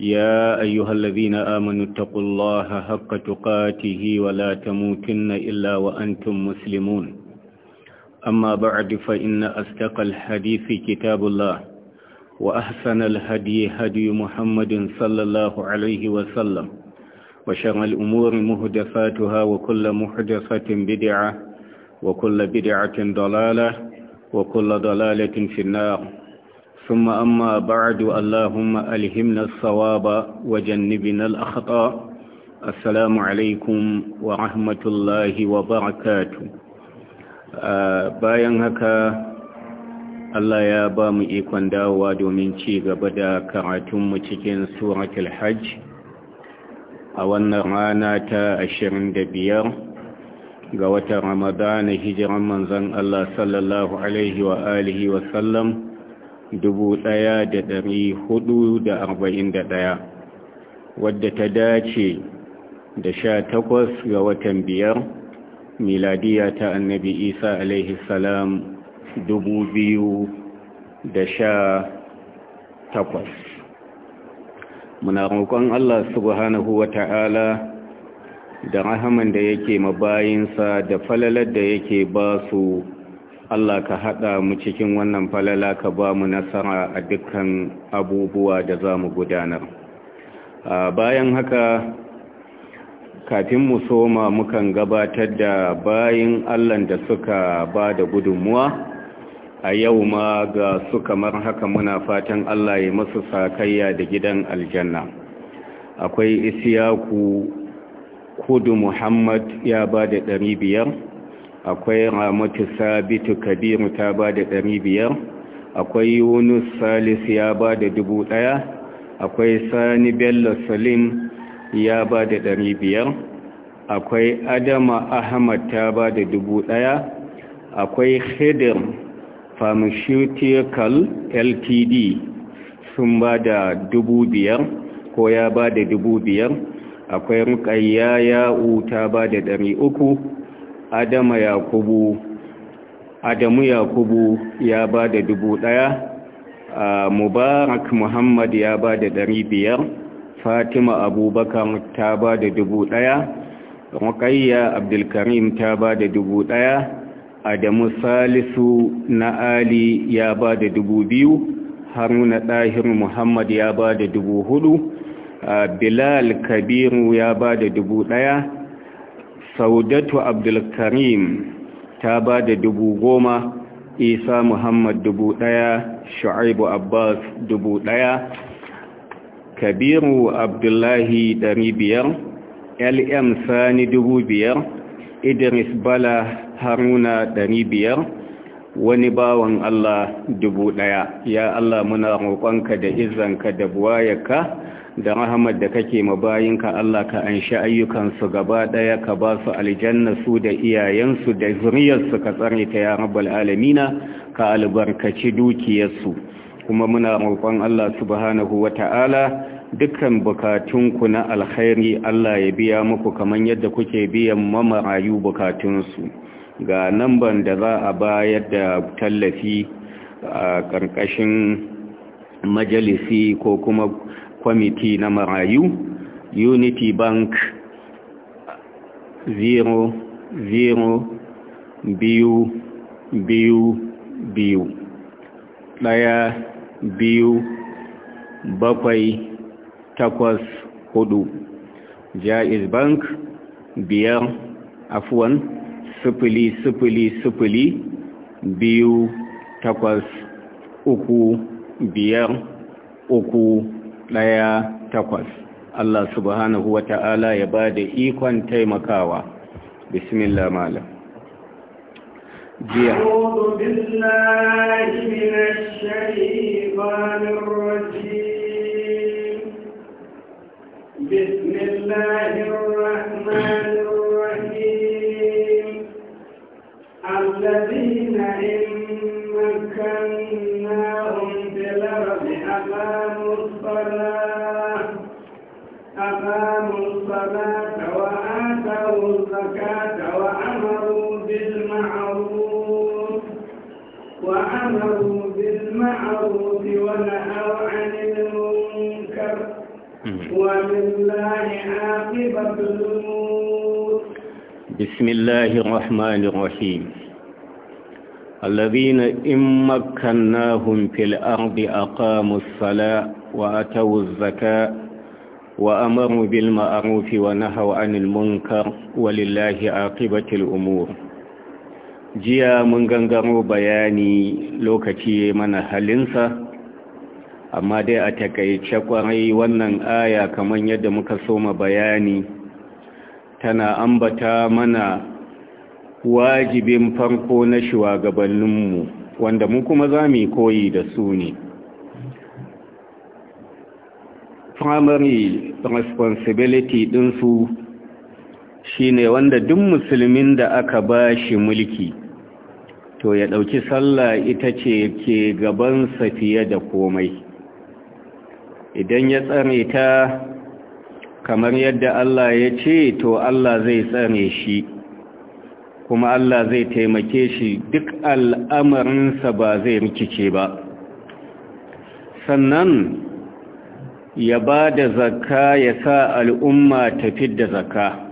يا أيها الذين آمنوا اتقوا الله حق تقاته ولا تموتن إلا وأنتم مسلمون أما بعد فإن أصدق الحديث كتاب الله وأحسن الهدي هدي محمد صلى الله عليه وسلم وشر الأمور مهدفاتها وكل محدثة بدعة وكل بدعة ضلالة وكل ضلالة في النار ثم أما بعد اللهم ألهمنا الصواب وجنبنا الأخطاء السلام عليكم ورحمة الله وبركاته bayan haka Allah ya ba mu ikon dawowa domin ci gaba da karatunmu cikin suratul hajj a wannan rana ta 25 ga watan ramadana hijiran manzon Allah sallallahu alaihi wa alihi wa sallam ɗaya, wadda ta dace da sha takwas ga watan biyar miladiya ta annabi isa alaihi salam takwas. muna roƙon Allah subhanahu wa ta'ala da rahaman da yake mabayinsa da falalar da yake ba su Allah ka haɗa mu cikin wannan falala ka ba mu nasara a dukkan abubuwa da za mu gudanar. Bayan haka, kafin mu soma mukan gabatar da bayin Allah da suka ba da gudunmuwa, a yau ma ga su kamar haka muna fatan Allah ya masu sakayya da gidan aljanna. Akwai isiyaku kudu Muhammad ya ba da ɗari biyar. akwai ramatu sabitu kabiru ta ba da ɗari biyar akwai yunus salis ya ba da dubu ɗaya akwai sani bello salim ya ba da ɗari biyar akwai adama ahmad ta ba da dubu ɗaya akwai hidir pharmaceutical ltd sun ba da dubu biyar ko ya ba da dubu biyar akwai rukayya ya'u ta ba da ɗari uku adama yakubu adamu yakubu ya ba da dubu ɗaya mubarak muhammad ya ba da ɗari biyar fatima abubakar ta ba da dubu ɗaya rukayya abdulkarim ta ba da dubu ɗaya adamu salisu na ali ya ba da dubu biyu haruna ɗahir muhammad ya ba da dubu hudu bilal kabiru ya ba da dubu ɗaya saudatu abdulkarim ta ba da dubu goma isa muhammad dubu ɗaya shu'aibu abbas dubu ɗaya kabiru abdullahi ɗari biyar lm sani dubu biyar idris bala haruna ɗari biyar wani bawan allah dubu ɗaya ya allah muna roƙonka da izanka da buwayaka da rahamar da kake ma mabayinka Allah ka anshi ayyukansu gaba ɗaya ka ba su aljanna su da iyayensu da zuriyarsu ka tsare ta ya rabbal alamina ka albarkaci dukiyarsu kuma muna roƙon Allah subhanahu wata'ala dukkan bukatunku na alkhairi Allah ya biya muku kaman yadda kuke biyan mamarayu bukatunsu ga namban da za a bayar da tallafi a ƙarƙashin majalisi ko kuma kwamiti na marayu unity bank 0 0 biyu biyu biyu ɗaya biyu bakwai takwas hudu jaiz bank biyar afuwan sifili sifili sifili biyu takwas uku biyar uku ɗaya takwas Allah subhanahu wa ta'ala ya ba da ikon taimakawa bismillah malam jiya بسم الله الرحمن وآتوا الزكاة وأمروا بالمعروف وأمروا بالمعروف ونهوا عن المنكر ولله عاقبة الأمور بسم الله الرحمن الرحيم الذين إن مكناهم في الأرض أقاموا الصلاة وأتوا الزكاة وأمروا بالمعروف ونهوا عن المنكر ولله عاقبة الأمور jiya mun gangaro bayani lokaci mana halinsa amma dai a takaice kwarai wannan aya kamar yadda muka soma bayani tana ambata mana wajibin farko na shugabanninmu wanda mu kuma za mu koyi da su ne primary responsibility ɗinsu shine wanda duk musulmin da aka ba shi mulki to ya ɗauki sallah ita ce ke gabansa fiye da komai idan ya tsare ta kamar yadda Allah ya ce to Allah zai tsare shi kuma Allah zai taimake shi duk al'amarinsa ba zai rikice ba sannan ya ba da zakka ya sa al'umma tafi da zakka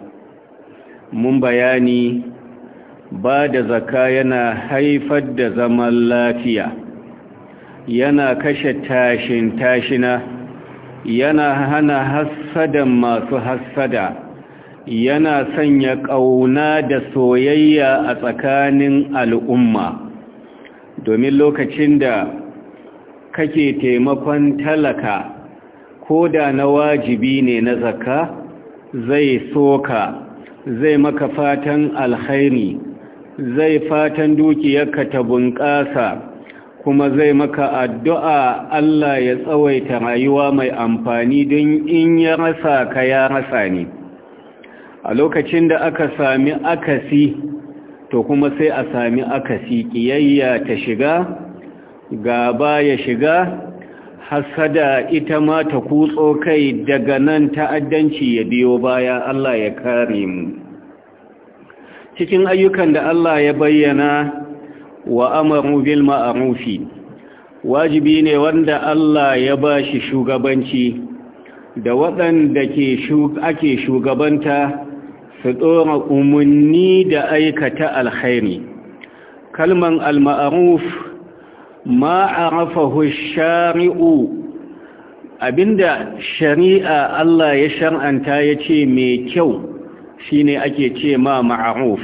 mun bayani ba da zakka yana haifar da zaman lafiya yana kashe tashin tashina yana hana hassada masu hassada yana sanya ƙauna da soyayya a tsakanin al'umma domin lokacin da kake taimakon talaka ko da na wajibi ne na zaka zai soka zai maka fatan alkhairi zai fatan dukiyarka ta bunƙasa kuma zai maka addu'a Allah ya tsawaita rayuwa mai amfani don in ya rasa ka ya rasa ne a lokacin da aka sami akasi to kuma sai a sami akasi ƙiyayya ta shiga gaba ya shiga hasada ita ma ta kutso kai daga nan ta'addanci ya biyo baya Allah ya kare mu cikin ayyukan da Allah ya bayyana wa amaru bil ma'rufi wajibi ne wanda Allah ya ba shi shugabanci da waɗanda ke ake shugabanta su ɗora umarni da aikata alkhairi kalman al-ma'ruf ma arafahu hushari'u. abinda shari'a Allah ya shar'anta ya ce mai kyau shine ake ce ma ma'aruf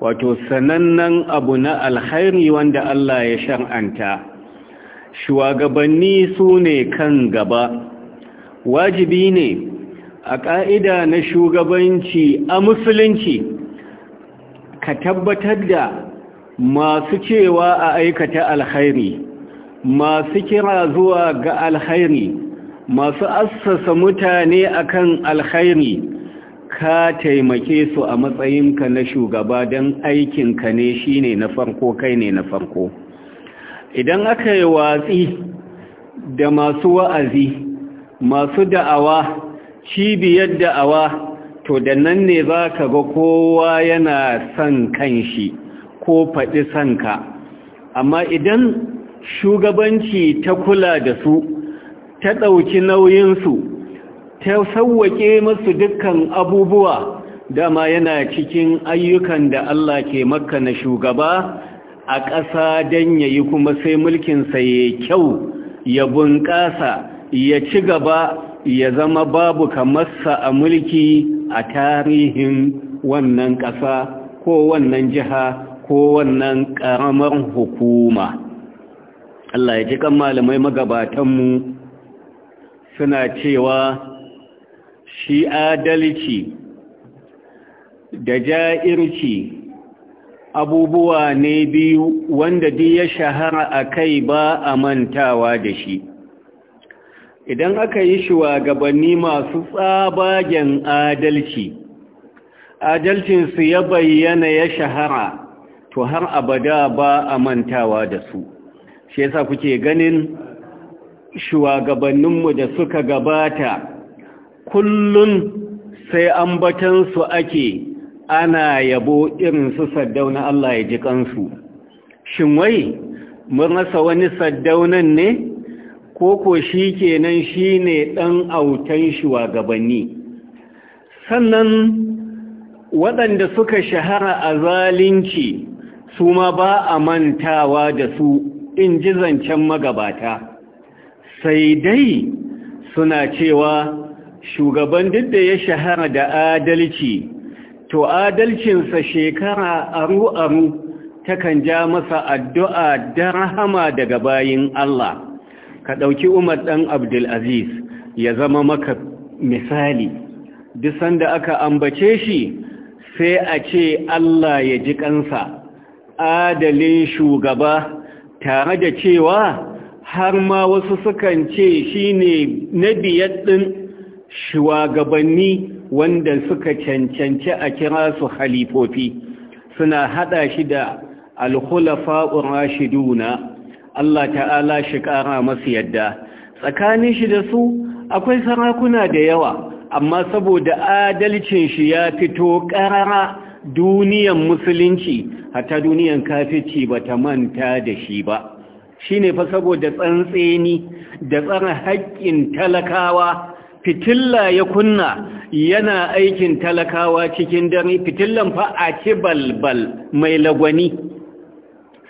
wato sanannen abu na alkhairi wanda Allah ya shar'anta shugabanni su ne kan gaba wajibi ne a ƙa'ida na shugabanci a musulunci ka tabbatar da masu cewa a aikata alkhairi masu kira zuwa ga alkhairi masu assasa mutane akan alkhairi ka taimake su a matsayinka na shugaba don aikinka ne shine na farko kai ne na farko idan aka yi watsi da masu wa'azi masu da'awa cibiyar da'awa to da nan ne za ka ga kowa yana son kanshi ko faɗi sanka amma idan shugabanci ta kula da su ta ɗauki nauyinsu ta sauwaƙe masu dukkan abubuwa dama yana cikin ayyukan da Allah ke maka na shugaba a ƙasa don ya yi kuma sai mulkinsa ya kyau ya bunƙasa ya ci gaba ya zama babu kamar sa a mulki a tarihin wannan ƙasa ko wannan jiha ko wannan ƙaramar hukuma Allah ya ji kan malamai magabatanmu suna cewa shi adalci da ja'irci abubuwa ne biyu wanda duk ya shahara a kai ba a mantawa da shi idan aka yi shugabanni masu tsabagen adalci adalcinsu ya bayyana ya shahara to har abada ba a mantawa da su shi yasa kuke ganin shugabanninmu da suka gabata kullun sai su ake ana yabo irin su saddauna Allah ya ji kansu shin wai mun rasa wani saddaunan ne ko shi kenan shine ne ɗan autan shugabanni sannan waɗanda suka shahara a zalunci su ma ba a mantawa da su in ji zancen magabata sai dai suna cewa shugaban duk da ya shahara da adalci to adalcinsa shekara aru-aru takan ja masa addu'a da rahama daga bayin Allah ka ɗauki umar ɗan abdulaziz ya zama maka misali duk sanda aka ambace shi sai a ce Allah ya ji kansa adalin shugaba tare da cewa har ma wasu sukan ce shine na biyar ɗin shugabanni wanda suka cancanci a kira su halifofi suna hada shi da alkhulafa rashiduna Allah ta'ala shi kara masu yadda tsakanin shi da su akwai sarakuna da yawa amma saboda adalcin shi ya fito karara duniyan musulunci hatta duniyan kafici ba ta manta da shi ba shi ne fa saboda tsantseni da tsara haƙƙin talakawa fitilla ya kunna yana aikin talakawa cikin dare fitillan fa a ci balbal mai lagwani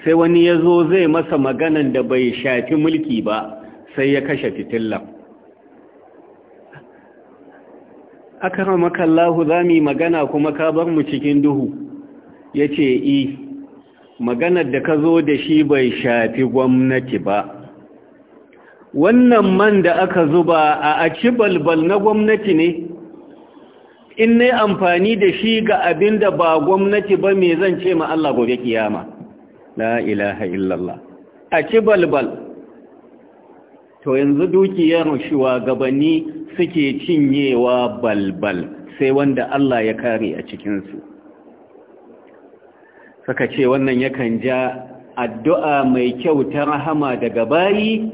sai wani ya zo zai masa maganan da bai shafi mulki ba sai ya kashe fitillan akaramaka za zami magana kuma ka bar mu cikin duhu yace i maganar da ka zo da shi bai shafi gwamnati ba wannan man da aka zuba a aci balbal na gwamnati ne in nayi amfani da shi ga abin da ba gwamnati ba me zan ce ma Allah gobe kiyama la ilaha illallah aci balbal to yanzu dukiyar shugabanni suke cinyewa balbal sai wanda Allah ya kare a cikinsu suka ce wannan yakan ja addu'a mai kyau ta rahama daga bayi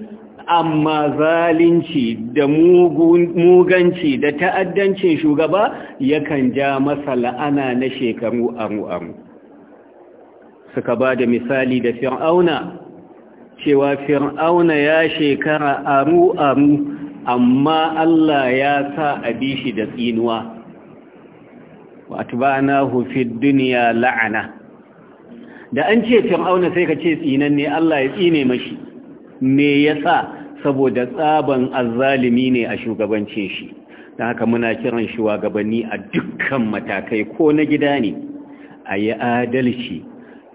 amma zalunci da muganci da ta'addancin shugaba yakan ja masa la'ana na shekaru aru-aru suka ba da misali da fir'auna cewa fir'auna ya shekara aru-aru amma Allah ya sa a bi shi da tsinuwa wata ba na hufi duniya la'ana da an ce fir'auna sai ka ce tsinan ne Allah ya tsine mashi me ya sa saboda tsaban azzalimi ne a shugabancin shi da haka muna kiran shugabanni a dukkan matakai ko na gida ne a yi adalci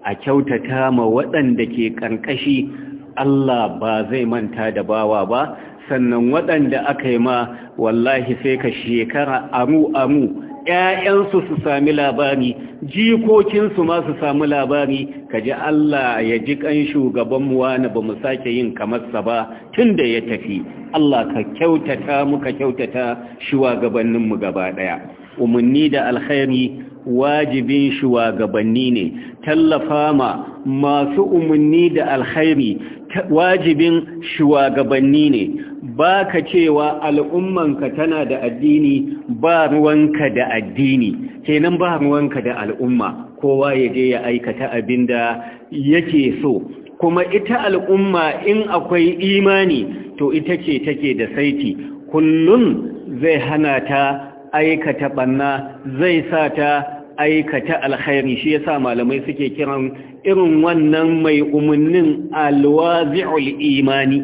a kyautata ma waɗanda ke ƙarƙashi Allah ba zai manta da bawa ba sannan waɗanda aka yi ma wallahi sai ka shekara amu-amu ‘ya'yansu su sami labari jikokinsu ma su sami labari ka ji Allah ya ji ƙan shugabanmu wani ba mu sake yin kamarsa ba tun da ya tafi Allah ka kyautata muka kyautata shugabanninmu gaba ɗaya umarni da alkhairi wajibin shugabanni ne tallafa ma masu umarni da alkhairi wajibin shugabanni ne ba ka cewa al'ummanka tana da addini ba ruwanka da addini kenan ba ruwanka da al'umma kowa ya je ya aikata abin da yake so kuma ita al'umma in akwai imani to ita ce take da saiti kullum zai hana ta aikata banna zai sa ta aikata alkhairi shi yasa malamai suke kiran irin wannan mai umunnin alwazi'ul imani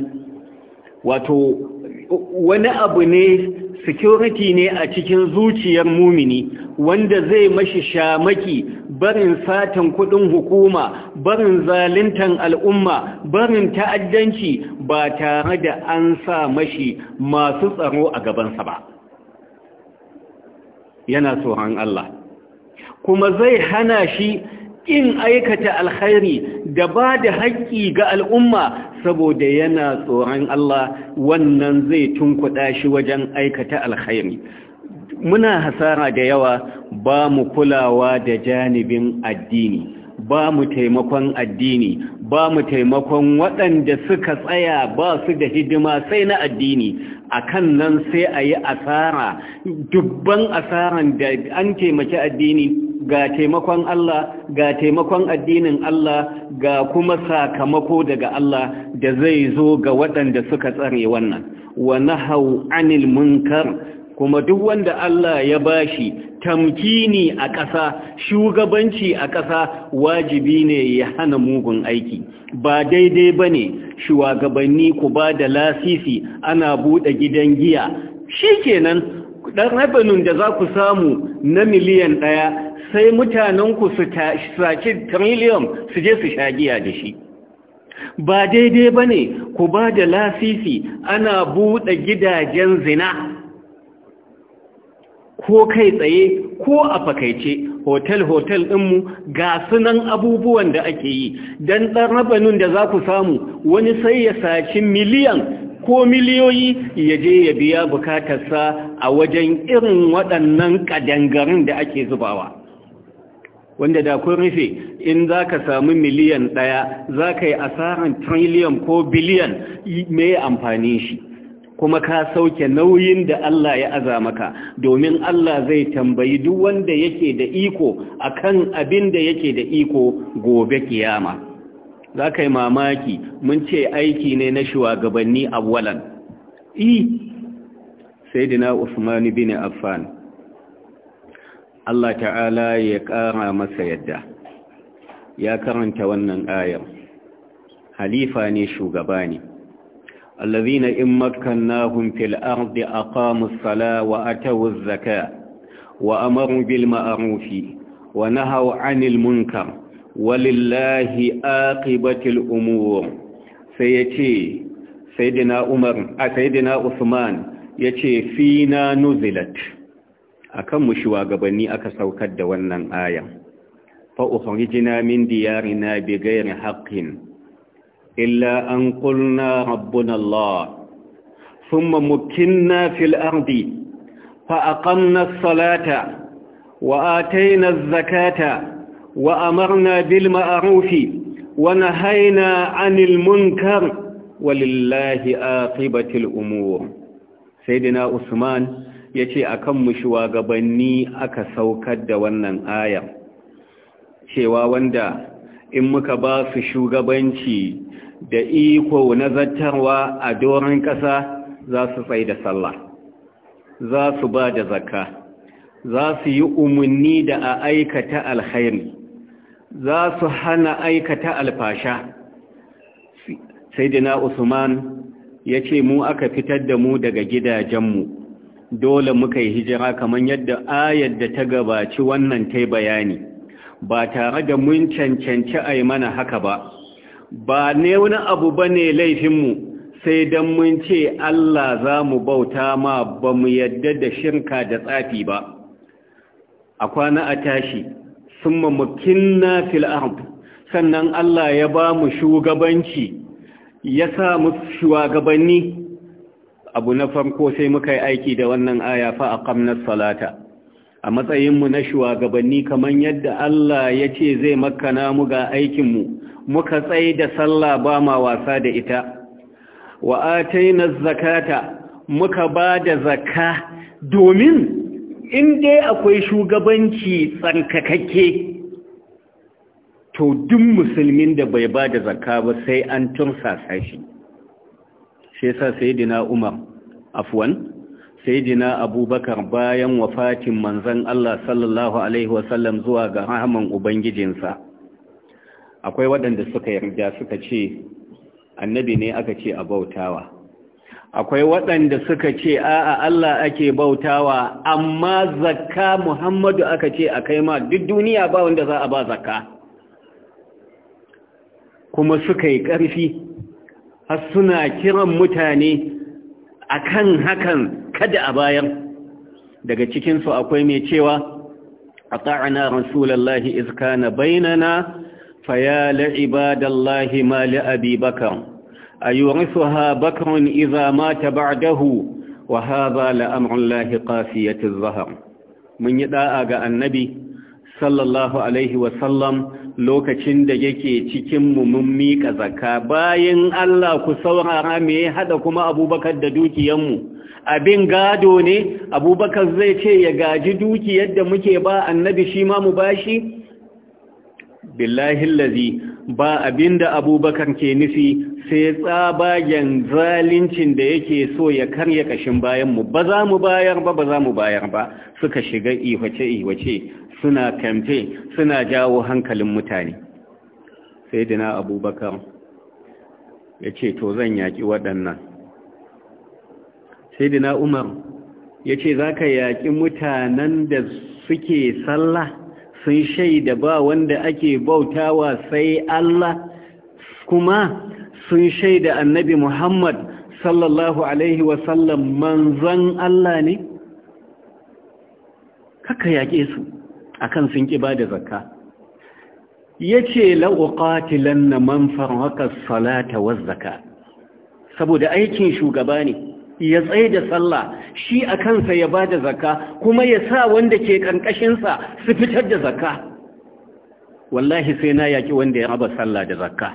wato wani abu ne security ne a cikin zuciyar mumini wanda zai mashi shamaki barin satan kudin hukuma barin zaluntan al'umma barin ta'addanci ba tare da an sa mashi masu tsaro a gabansa ba yana tsoron Allah kuma zai hana shi in aikata alkhairi da ba da haƙƙi ga al'umma saboda yana tsoron Allah wannan zai tunkuɗa shi wajen aikata alkhairi muna hasara da yawa ba mu kulawa da janibin addini ba mu taimakon addini ba mu taimakon waɗanda suka tsaya ba su da hidima sai na addini a kan nan sai a yi asara dubban asaran da an taimaki addini ga taimakon Allah ga taimakon addinin Allah ga kuma sakamako daga Allah da zai zo ga waɗanda suka tsare wannan wa nahau anil munkar kuma duk wanda Allah ya ba bashi tamkini a ƙasa shugabanci a ƙasa wajibi ne ya hana mugun aiki ba daidai ba ne shugabanni ku ba da lasisi ana buɗe gidan giya shi kenan ɗan rabanin da za ku samu na miliyan ɗaya sai mutanenku su saci trillion su je su shagiya da shi ba daidai ba ne ku ba da lasisi ana buɗe gidajen zina ko kai tsaye ko a fakaice hotel-hotel ɗinmu ga sunan abubuwan da ake yi don ɗan rabanin da za ku samu wani sai ya saci miliyan ko miliyoyi ya je ya biya bukatarsa a wajen irin waɗannan ƙadangarin da ake zubawa wanda da kun rufe in za ka samu miliyan ɗaya za ka yi asarar triliyan ko biliyan mai amfani shi kuma ka sauke nauyin da Allah ya aza maka domin Allah zai tambayi duk wanda yake da iko a kan abin da yake da iko gobe kiyama za ka yi mamaki mun ce aiki ne na shugabanni awwalan i sai dina Usman bin Affan Allah ta'ala ya ƙara masa yadda ya karanta wannan ayar halifa ne shugaba ne allazina in makkannahum fil ardi aqamus sala wa atawuz zaka wa amaru bil ma'ruf wa nahaw 'anil munkar walillahi aqibatul umur sai yace sayyidina umar a sayyidina usman yace fina nuzilat akan mu shugabanni aka saukar da wannan aya fa ukhrijna min diyarina bighairi haqqin illa an qulna rabbuna Allah thumma mukinna fil ardi fa aqamna as-salata wa atayna az-zakata wa amarna bil ma'ruf wa nahayna 'anil munkar walillahi aqibatul umur sayyidina usman ya ce a kanmu shugabanni aka saukar da wannan ayan cewa wanda in muka ba su shugabanci da iko na zartarwa a doron ƙasa za su tsaye da sallah za su ba da zakka za su yi umarni da a aikata alkhairi za su hana aikata alfasha sai dina usman ya ce mu aka fitar da mu daga gidajenmu dole muka yi hijira kamar yadda ayar da ta gabaci wannan ta bayani ba tare da mun cancanci a mana haka ba ba ne wani abu ba ne laifinmu sai don mun ce Allah za mu bauta ma ba mu yadda da shirka da tsafi ba a kwana a tashi sun mamakin na fil'arb sannan Allah ya ba mu shugabanci ya sa mu shugabanni abu na farko sai muka yi aiki da wannan aya fa kamnar salata a matsayinmu na shugabanni kamar yadda Allah ya ce zai makana mu ga aikinmu muka tsaye da sallah ba ma wasa da ita wa ataina zakata muka ba da zakka domin in dai akwai shugabanci tsankakakke to duk musulmin da bai ba da zakka ba sai an tursasa shi shi yasa sayyidina Umar afwan sayyidina Abubakar bayan wafatin manzon Allah sallallahu alaihi wasallam zuwa ga rahaman ubangijinsa akwai waɗanda suka yarda suka ce annabi ne aka ce a bautawa akwai waɗanda suka ce a'a Allah ake bautawa amma zakka Muhammadu aka ce a kai ma duk duniya ba wanda za a ba zakka kuma suka yi ƙarfi har suna kiran mutane akan hakan kada a bayan daga cikinsu akwai mai cewa a ta'ana rasulallahi iska na bainana faya la'ibadallahi ma la bakar a yi warisu bakarun iza mata ba'dahu wa haza la'amurin lahi ƙasiyatin zahar mun yi ɗa'a ga annabi sallallahu alaihi wasallam lokacin da yake cikin mu miƙa zakka bayan Allah ku saurara me hada kuma abubakar da dukiyanmu abin gado ne abubakar zai ce ya gaji dukiyar da muke ba annabi shi ma mu bashi billahi allazi ba abin da abubakar ke nufi sai tsabagen zalincin da yake so ya karya kashin bayanmu ba za mu bayar ba ba za mu bayar ba suka shiga ihwace ihwace suna kamfe suna jawo hankalin mutane sai dina abubakar ya ce to zan yaƙi waɗannan sai dina umar ya ce za ka yaƙi mutanen da suke sallah sun shaida ba wanda ake bautawa sai Allah kuma sun shaida annabi Muhammad sallallahu Alaihi wasallam manzan Allah ne? Kaka yaƙe su. akan sun ƙi ba da zakka ya ce la'uƙatilan na manfan haka salata wa zakka saboda aikin shugaba ne ya tsaye da sallah shi a kansa ya ba da zakka kuma ya sa wanda ke ƙanƙashinsa su fitar da zakka wallahi sai na yaƙi wanda ya raba sallah da zakka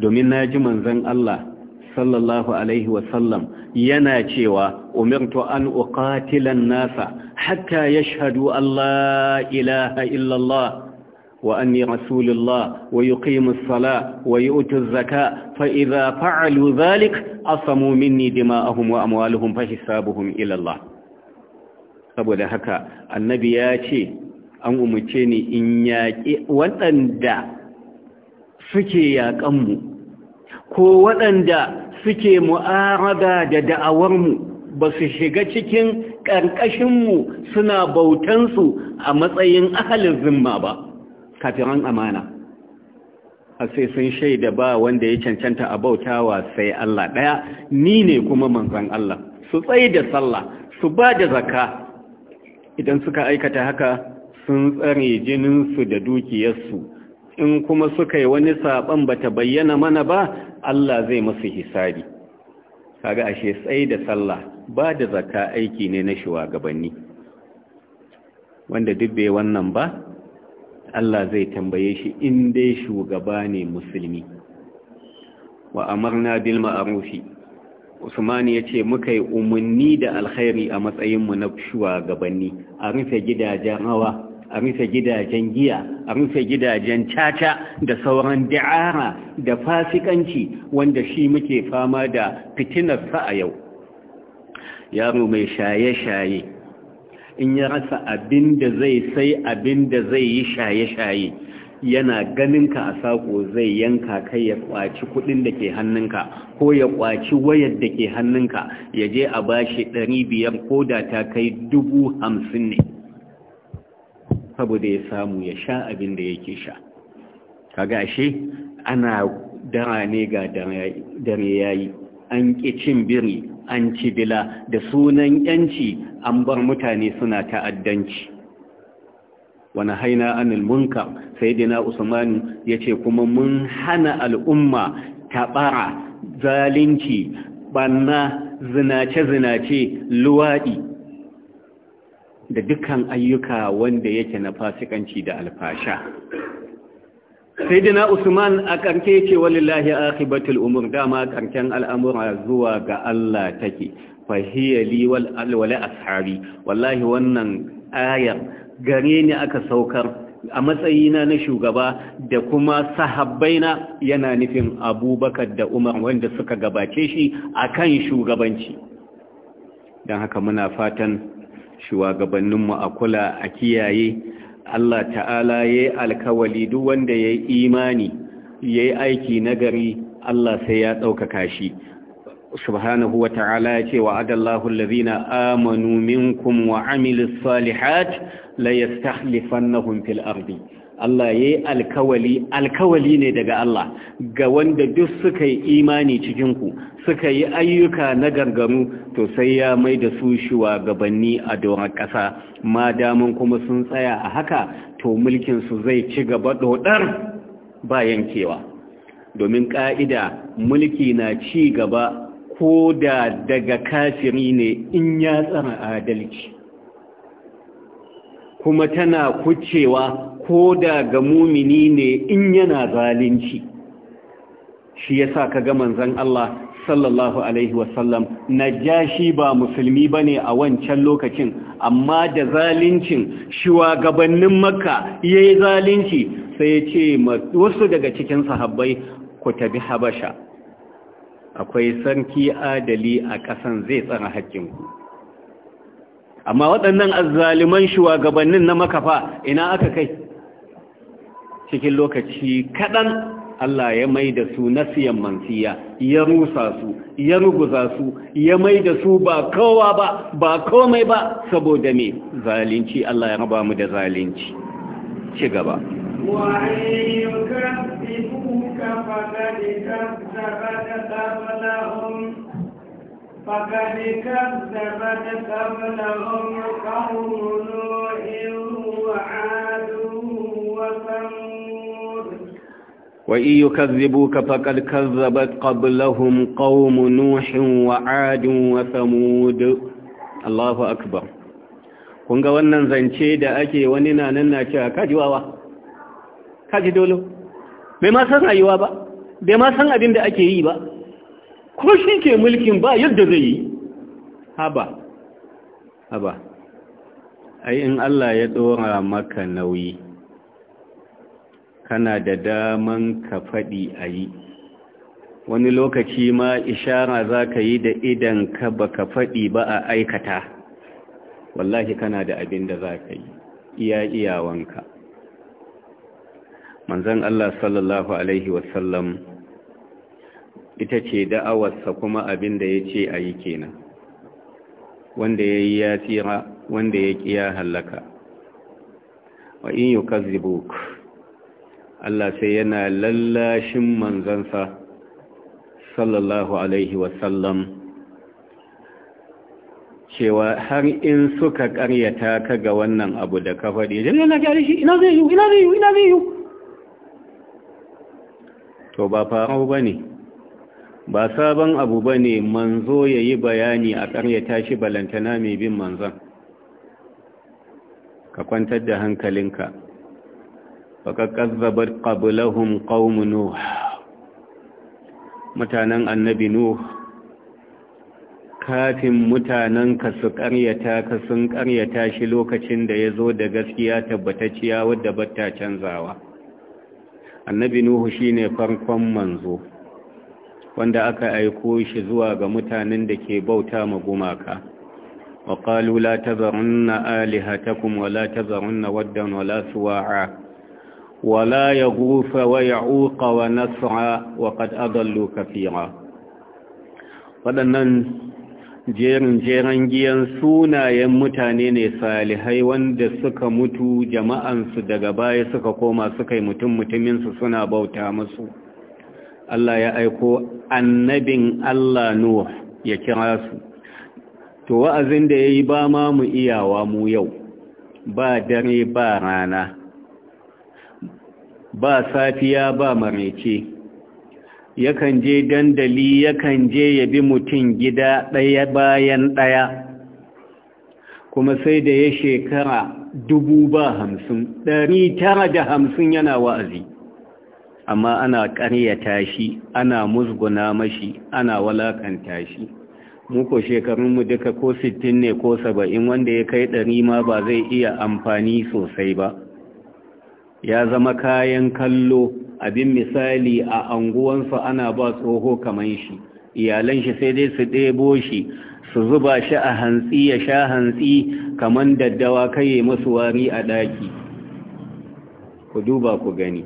domin na ji manzan Allah sallallahu alaihi wasallam yana cewa umirtu an uqatilan nasa hatta yashhadu allah ilaha illa allah wa anni rasulullah wa yuqimu as-salah wa yu'tu az-zaka fa idha fa'alu dhalik asamu minni dima'ahum wa amwaluhum fa hisabuhum ila allah saboda haka annabi ya ce an umuce ni in yaqi wadanda suke yaqan mu ko waɗanda suke mu'arada da da'awarmu ba su shiga cikin ƙarƙashinmu suna bautansu a matsayin ahalin zimma ba kafiran amana a sai sun shaida ba wanda ya cancanta a bautawa sai Allah ɗaya ni ne kuma manzan Allah su tsaye da sallah su ba da zaka idan suka aikata haka sun tsare jininsu da dukiyarsu in kuma suka yi wani saɓan ba ta bayyana mana ba Allah zai masu hisabi kaga ashe sai da sallah ba da zaka aiki ne na shugabanni wanda duk bai wannan ba Allah zai tambaye shi in dai shugaba ne musulmi wa amarna bil ma'ruf Usman yace muka yi umarni da alkhairi a matsayin mu na shugabanni a rufe gidajen hawa a rufe gidajen giya a rufe gidajen caca da sauran da'ara da fasikanci wanda shi muke fama da fitinar sa a yau yaro mai shaye-shaye in ya rasa abin da zai sai abin da zai yi shaye-shaye yana ganinka a sako zai yanka kai ya ƙwaci kuɗin da ke hannunka ko ya ƙwaci wayar da ke hannunka ya je a bashi ɗari biyar ko da ta kai dubu hamsin ne saboda ya samu ya sha abin da yake sha kaga shi ana dara ne ga dare ya yi. an ƙi cin biri an ci bila da sunan yanci an bar mutane suna ta'addanci wani haina anil munkar sai dina Usmanu ya ce kuma mun hana al'umma taɓara zalunci ɓanna zinace-zinace luwaɗi da dukkan ayyuka wanda yake na fasikanci da alfasha sai dina usman a karke ce walillahi akibatul umur dama karken al'amura zuwa ga Allah take fahiyali walwale ashabi wallahi wannan ayar gare ni aka saukar a matsayina na shugaba da kuma sahabbaina yana nufin abubakar da umar wanda suka gabace shi akan shugabanci Dan haka muna fatan shugabanninmu a kula a kiyaye Allah ta'ala ya yi alkawali duk wanda ya yi imani ya yi aiki nagari Allah sai ya ɗaukaka shi subhanahu wa ta'ala ya ce wa adallahu allazina amanu minkum wa amilus salihat la yastahlifannahum fil ardi Allah ya yi alkawali alkawali ne daga Allah ga wanda duk suka yi imani cikinku suka yi ayyuka na gangamu to sai ya mai da su shugabanni a doron ƙasa ma damun kuma sun tsaya a haka to mulkinsu zai ci gaba ɗoɗar ba yankewa domin ƙa'ida mulki na ci gaba ko da daga kafiri ne in ya tsara adalci kuma tana kucewa ko da ga mumini ne in yana zalunci shi ya sa ka ga zan Allah sallallahu Alaihi wasallam najashi ba musulmi ba ne a wancan lokacin amma da zaluncin shugabannin makka ya yi zalunci sai ya ce wasu daga cikin sahabbai ku tabi habasha akwai sarki adali a ƙasan zai tsara haƙƙinku amma waɗannan azzaliman shugabannin na makafa ina aka kai cikin lokaci kaɗan Allah ya mai da su nasiyan mansiya ya rusa su ya ruguza su ya mai da su ba kowa ba ba komai ba saboda mai zalunci Allah ya raba mu da zalunci ci gaba فقد كذبت قبلهم قوم نوح وعاد وثمود وإن يكذبوك فقد كذبت قبلهم قوم نوح وعاد وثمود الله أكبر kun ga wannan zance da ake wani na nan na cewa kaji wawa kaji dolo bai ma san rayuwa ba bai ma san abin da ake yi ba ko shi ke mulkin ba yadda zai yi haba haba ai in Allah ya tsora maka nauyi kana da daman ka faɗi a yi wani lokaci ma ishara za ka yi da idan ka ba ka faɗi ba a aikata wallahi kana da abin da za ka yi iya iyawanka manzan Allah sallallahu Alaihi wasallam ita ce da'awarsa kuma abin da ya ce a yi kenan wanda ya yi ya tsira wanda ya ƙi ya hallaka wa in yi kazzibuk Allah sai yana lallashin manzansa sallallahu alaihi wasallam cewa har in suka ƙaryata ka ga wannan abu da ka faɗi na gyara shi ina zai yi ina zai yi ina zai yi to ba fara ba ne ba sabon abu ba ne manzo ya yi bayani a ƙaryata shi balantana mai bin manzon ka kwantar da hankalinka Ba faƙa ƙazzabar ƙabulahun ƙaunu mutanen annabi nuh kafin mutanenka su ƙaryata ka sun ƙaryata shi lokacin da ya zo da gaskiya tabbatacciya wadda batta canzawa annabi nuhu shine farkon manzo wanda aka aiko shi zuwa ga mutanen da ke bauta ma gumaka wa qalu la tazarunna alihatakum wa la tazarunna waddan wa la suwa'a wa la yaghuf wa ya'uq wa nas'a wa qad adallu kathira wadannan jerin jeran giyan sunayen mutane ne salihai wanda suka mutu jama'ansu daga baya suka koma suka yi mutum mutumin suna bauta musu Allah ya aiko annabin Allah Nuh ya kira su to wa'azin da yayi ba ma mu iyawa mu yau ba dare ba rana ba safiya ba marece yakan je dandali yakan je ya bi mutum gida ɗaya bayan ɗaya kuma sai da ya shekara dubu ba hamsin ɗari tara da hamsin yana wa'azi amma ana ƙaryata shi ana musguna mashi ana walakanta shi muko shekarunmu duka ko sittin ne ko saba'in wanda ya kai ɗari ma ba zai iya amfani sosai ba ya zama kayan kallo abin misali a anguwansu ana ba tsoho kaman shi iyalan shi sai dai su ɗebo shi su zuba shi a hantsi ya sha hantsi kaman daddawa kai masu wari a ɗaki ku duba ku gani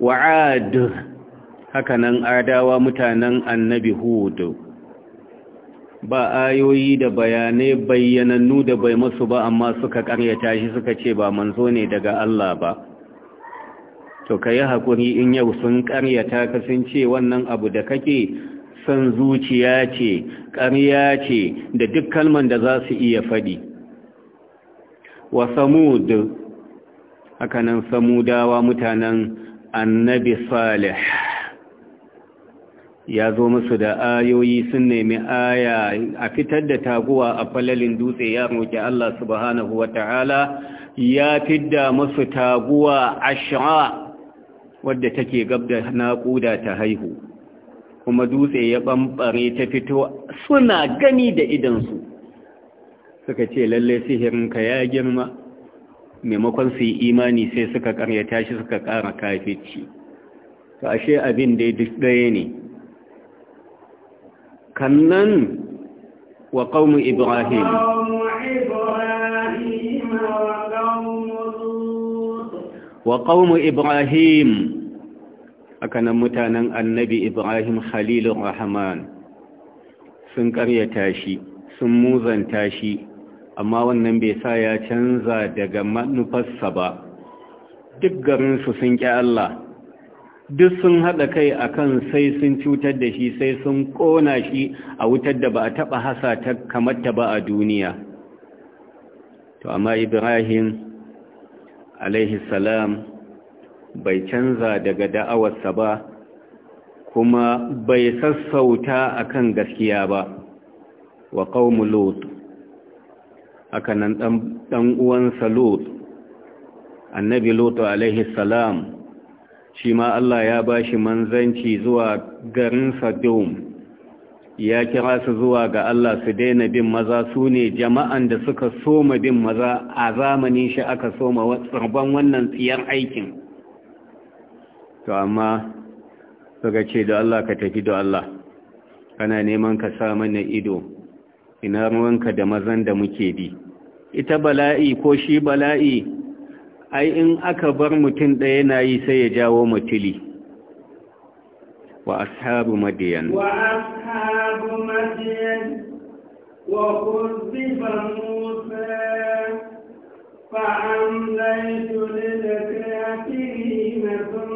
wa ad hakanan adawa mutanen annabi hudu ba ayoyi da bayanai bayyanannu da bai masu ba amma suka karyata shi suka ce ba manzo ne daga Allah ba to ka hakuri in yau sun karyata ka sun ce wannan abu da kake san zuciya ce ƙarya ce da duk kalman da za su iya faɗi wa samud hakanan samudawa mutanen annabi salih ya zo musu da ayoyi sun nemi aya a fitar da taguwa a falalin dutse ya roƙi Allah subhanahu wa ta'ala ya fidda musu taguwa ashra wadda take gab da naƙuda ta haihu kuma dutse ya ɓamɓare ta fito suna gani da idansu suka ce lallai, sihirinka ya girma maimakon su yi imani sai suka karyata shi suka kara kafici to ashe abin da duk ɗaya ne kannan wa qaumu ibrahim wa qaumu ibrahim akanan mutanen annabi ibrahim Khalilun rahman sun karyata shi sun muzanta shi amma wannan bai sa ya canza daga manufarsa ba duk garinsu sun ƙi Allah duk sun haɗa kai akan sai sun cutar da shi sai sun ƙona shi a wutar da ba a taɓa hasa ta kamata ba a duniya to amma ibrahim salam bai canza daga da'awarsa ba kuma bai sassauta akan gaskiya ba wa ƙaumu aka nan ɗan uwansa lot annabi lotu alaihi salam shi ma Allah ya ba shi manzanci zuwa garin sadom ya kira su zuwa ga Allah su daina bin maza su ne jama'an da suka soma bin maza a zamanin shi aka soma tsarban wannan tsiyar aikin to amma suka ce da Allah ka tafi da Allah kana neman ka sa mana ido ina ruwanka da mazan da muke bi ita bala'i ko shi bala'i ai in aka bar mutum ɗaya na yi sai ya jawo mutili wa ashabu madiyan wa ashabu madiyan wa kuzifa musa fa amlaytu lil kafirin fa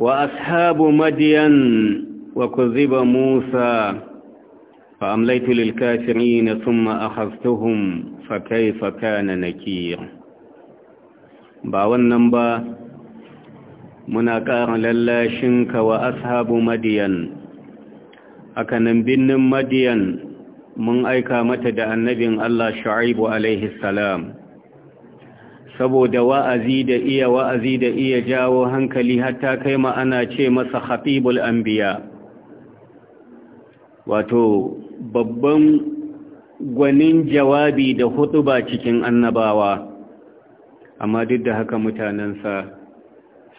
وأصحاب مدين وكذب موسى فأمليت للكافرين ثم أخذتهم فكيف كان نكير باوان نمبا مناكار للاشنك وأصحاب مدين أكنن بن مدين من أيكا متدى النبي الله شعيب عليه السلام saboda wa'azi da iya wa'azi da iya jawo hankali hatta kai ma'ana ce masa an anbiya wato babban gwanin jawabi da ba cikin annabawa amma duk da haka mutanensa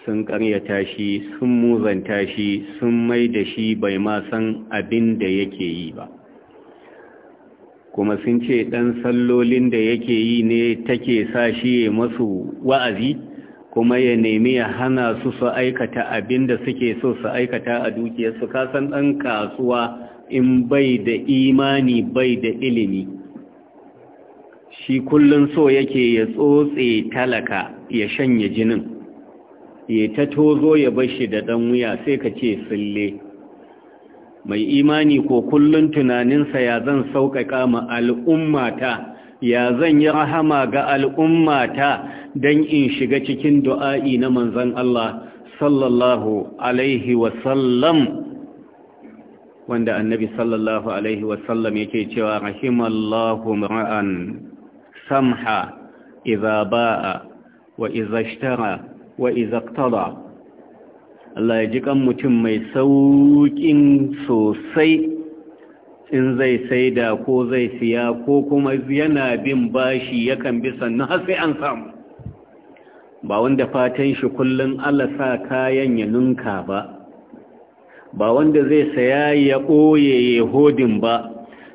sun karyata shi sun muzanta shi sun mai da shi bai ma san abin da yake yi ba kuma sun ce ɗan sallolin da yake yi ne take sa shi ya masu wa'azi kuma ya nemi ya hana su su aikata abin da suke so su aikata a dukiyarsu kasan ɗan kasuwa in bai da imani bai da ilimi shi kullum so yake ya tsotse talaka ya shanya jinin ya ta tozo ya bashi da ɗan wuya sai ka ce sulle mai imani ko kullun tunaninsa ya zan sauƙaƙa ma al'ummata ya zan yi rahama ga al'ummata don in shiga cikin du'a'i na manzan Allah sallallahu alaihi wasallam wanda annabi sallallahu alaihi wasallam yake cewa rahimallahu ma'an samha iza ba'a wa idza wa Allah ya ji kan mutum mai sauƙin sosai in zai saida ko zai siya ko kuma yana bin bashi yakan bi sannan har sai an samu ba wanda fatan shi kullun Allah sa kayan ya ninka ba ba wanda zai saya ya ɓoye Yahudin ba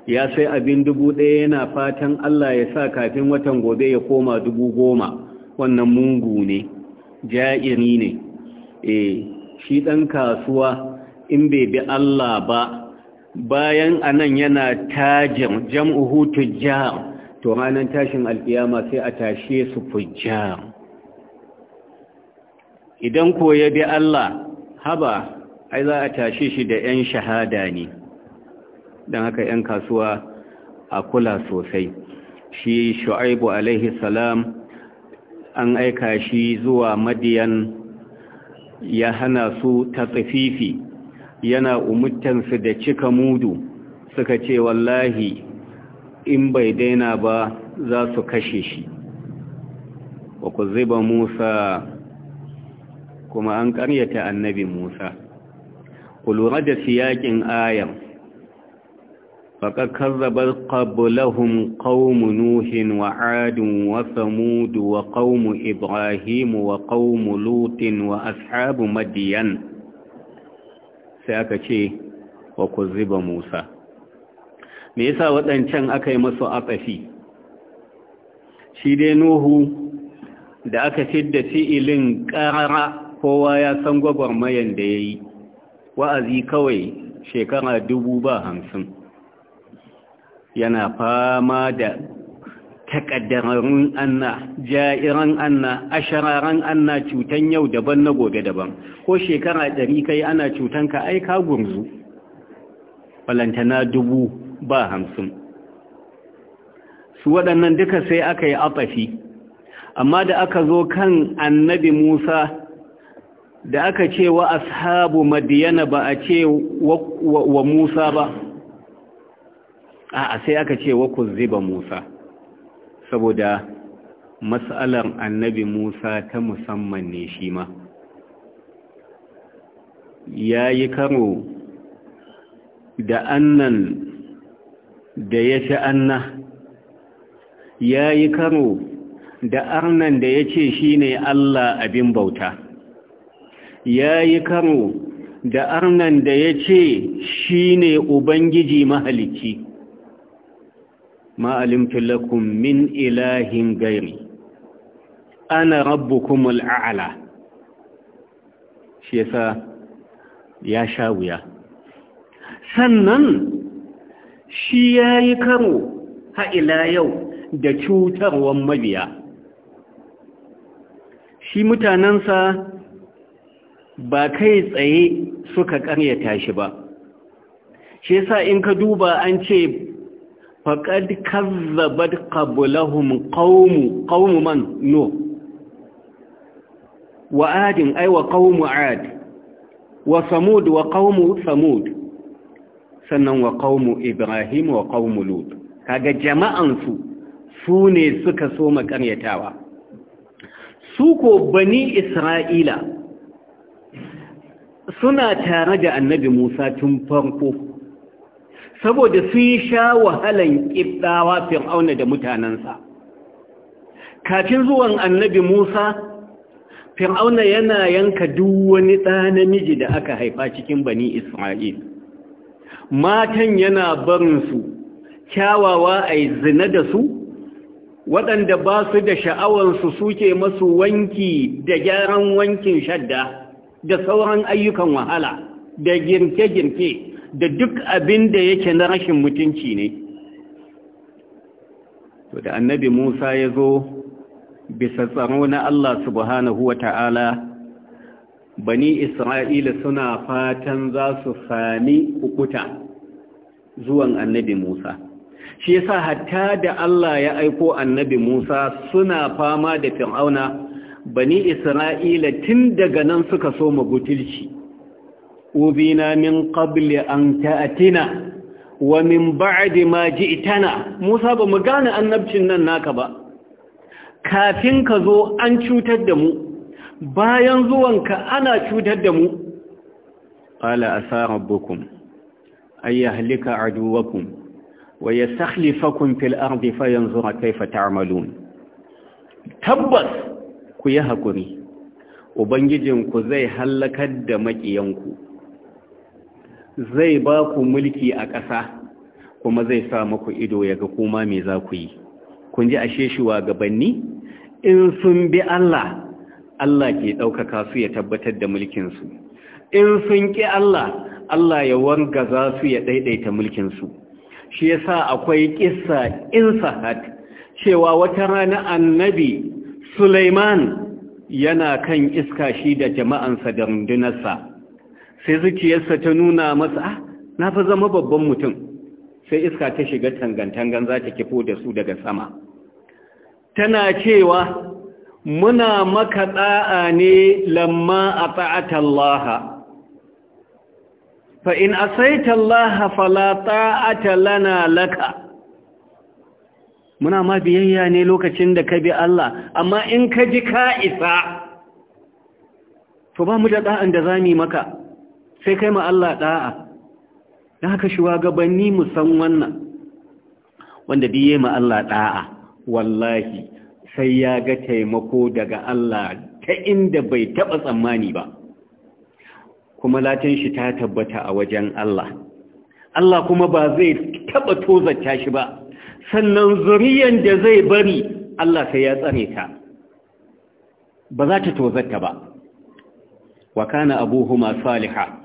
ya sai abin dubu ɗaya yana fatan Allah ya sa kafin watan gobe ya koma dubu goma wannan mungu ne ja'iri ne eh shi ɗan kasuwa in bai bi Allah ba bayan anan yana tajin jam'uhu tujjar to ranar tashin alkiyama sai a tashe su fujjar idan ko ya bi Allah haba ai za a tashe shi da 'yan shahada ne don haka 'yan kasuwa a kula sosai shi shu'aibu alaihi salam an aika shi zuwa madiyan ya hana su ta tsififi yana umuttansu da cika mudu suka ce wallahi in bai daina ba za su kashe shi wa ku ziba musa kuma an ƙaryata annabi musa ku lura da siyakin ayan فقد كذب قبلهم قوم نوح وعاد وثمود وقوم إبراهيم وقوم لوط وأصحاب مدين سيأكشي وكذب موسى ميسا وطنشان أكي مسو أطفي شيدي نوح دا aka fidda fi'ilin ƙarara kowa ya san gwagwarmayan da ya yi wa'azi kawai shekara yana fama da takaddarin anna ja'iran anna ashararan anna cutan yau daban na gobe daban ko shekara ɗari kai ana cutan ka ai ka gurzu balantana dubu ba hamsin su waɗannan duka sai aka yi afafi amma da aka zo kan annabi musa da aka ce wa ashabu madiyana ba a ce wa Musa ba a sai aka ce wa ziba musa saboda matsalar annabi musa ta musamman ne shi ma ya yi karo da annan da ya fi anna ya yi karo da arnan da ya ce shi ne Allah abin bauta ya yi karo da arnan da ya ce shi ne Ubangiji mahalicci ma alimtu lakum min ilahin gairi ana rabbukum al'ala shi yasa ya sha wuya sannan shi ya yi karo ha'ila yau da cutarwan mabiya shi mutanensa ba kai tsaye suka karyata shi ba shi yasa in ka duba an ce faƙad kazzabat qablahum qaumu qaumu man no wa adin ay wa qaumu ad wa samud wa qaumu samud sannan wa qaumu ibrahim wa qaumu lut kaga jama'an su su ne suka so makaryatawa su ko bani isra'ila suna tare da annabi musa tun farko saboda sun sha wahalan ƙibɗawa fir'auna da mutanensa kafin zuwan annabi musa fir'auna yana yanka duk wani ɗa namiji da aka haifa cikin bani isra'il matan yana barin su kyawawa a zina da su waɗanda ba su da sha'awansu suke masu wanki da gyaran wankin shadda da sauran ayyukan wahala da girke-girke da duk abin da yake na rashin mutunci ne to da annabi Musa ya zo bisa tsaro na Allah subhanahu wa ta'ala bani Isra'ila suna fatan za su sami hukuta zuwan annabi Musa shi yasa hatta da Allah ya aiko annabi Musa suna fama da fir'auna bani Isra'ila tun daga nan suka so mabutulci أذينا من قبل أن تأتنا ومن بعد ما جئتنا موسى بمقانا أن نبتنا ناكبا كافين كذو أن تتدمو bayan zuwanka ana cutar da mu qala asa rabbukum ay yahlika ku. wa yastakhlifakum fil ardi fayanzura kayfa ta'malun tabbas ku yi hakuri ubangijinku zai halakar da makiyanku zai ba ku mulki a ƙasa kuma zai sa muku ido ya ga kuma mai za ku yi kun ji ashe shi gabanni in sun bi Allah Allah ke ɗaukaka su ya tabbatar da mulkinsu in sun ƙi Allah Allah ya wargaza su ya ɗaiɗaita mulkinsu shi ya sa akwai ƙisa in sahat cewa wata rana annabi Sulaiman yana kan iska shi da jama'ansa da rundunarsa sai zuciyarsa ta nuna masa ah na fi zama babban mutum sai iska ta shiga tangantangan za ta kifo da su daga sama tana cewa muna maka da'a ne lamma a Allah fa in asaita fala ta'ata lana laka muna ma biyayya ne lokacin da ka bi Allah amma in ka ji ka isa to ba mu da da'an da zami maka sai kai ma Allah da'a da haka shugabanni mu san wannan wanda biye ma Allah da'a wallahi sai ya ga taimako daga Allah ta inda bai taba tsammani ba kuma latin shi ta tabbata a wajen Allah Allah kuma ba zai taba tozarta shi ba sannan zuriyan da zai bari Allah sai ya tsare ta ba za ta tozarta ba wa kana abuhuma salihah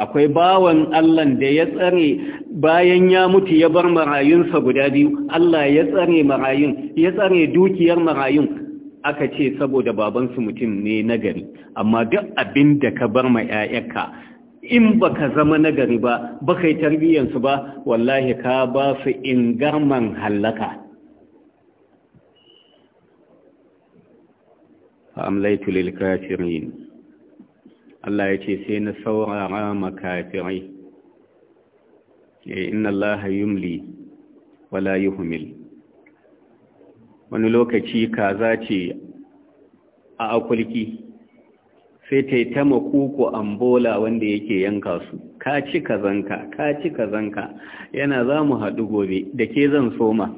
akwai bawan Allah da ya tsare bayan ya mutu ya bar marayunsa guda biyu Allah ya tsare marayun ya tsare dukiyar marayun aka ce saboda babansu mutum ne nagari amma duk abin da ka bar ma 'ya'yarka in baka zama nagari ba baka yi tarbiyyarsu ba wallahi ka ba su ingarman hallaka amlaitu lil kafirin Allah ya ce sai na saurara makafirai eh, inna Allah yumli wala yuhmil wani lokaci kaza ce a akulki sai ta yi ta makuku ambola wanda yake yanka su ka ci kazanka ka ci kazanka yana za mu haɗu gobe da ke zan soma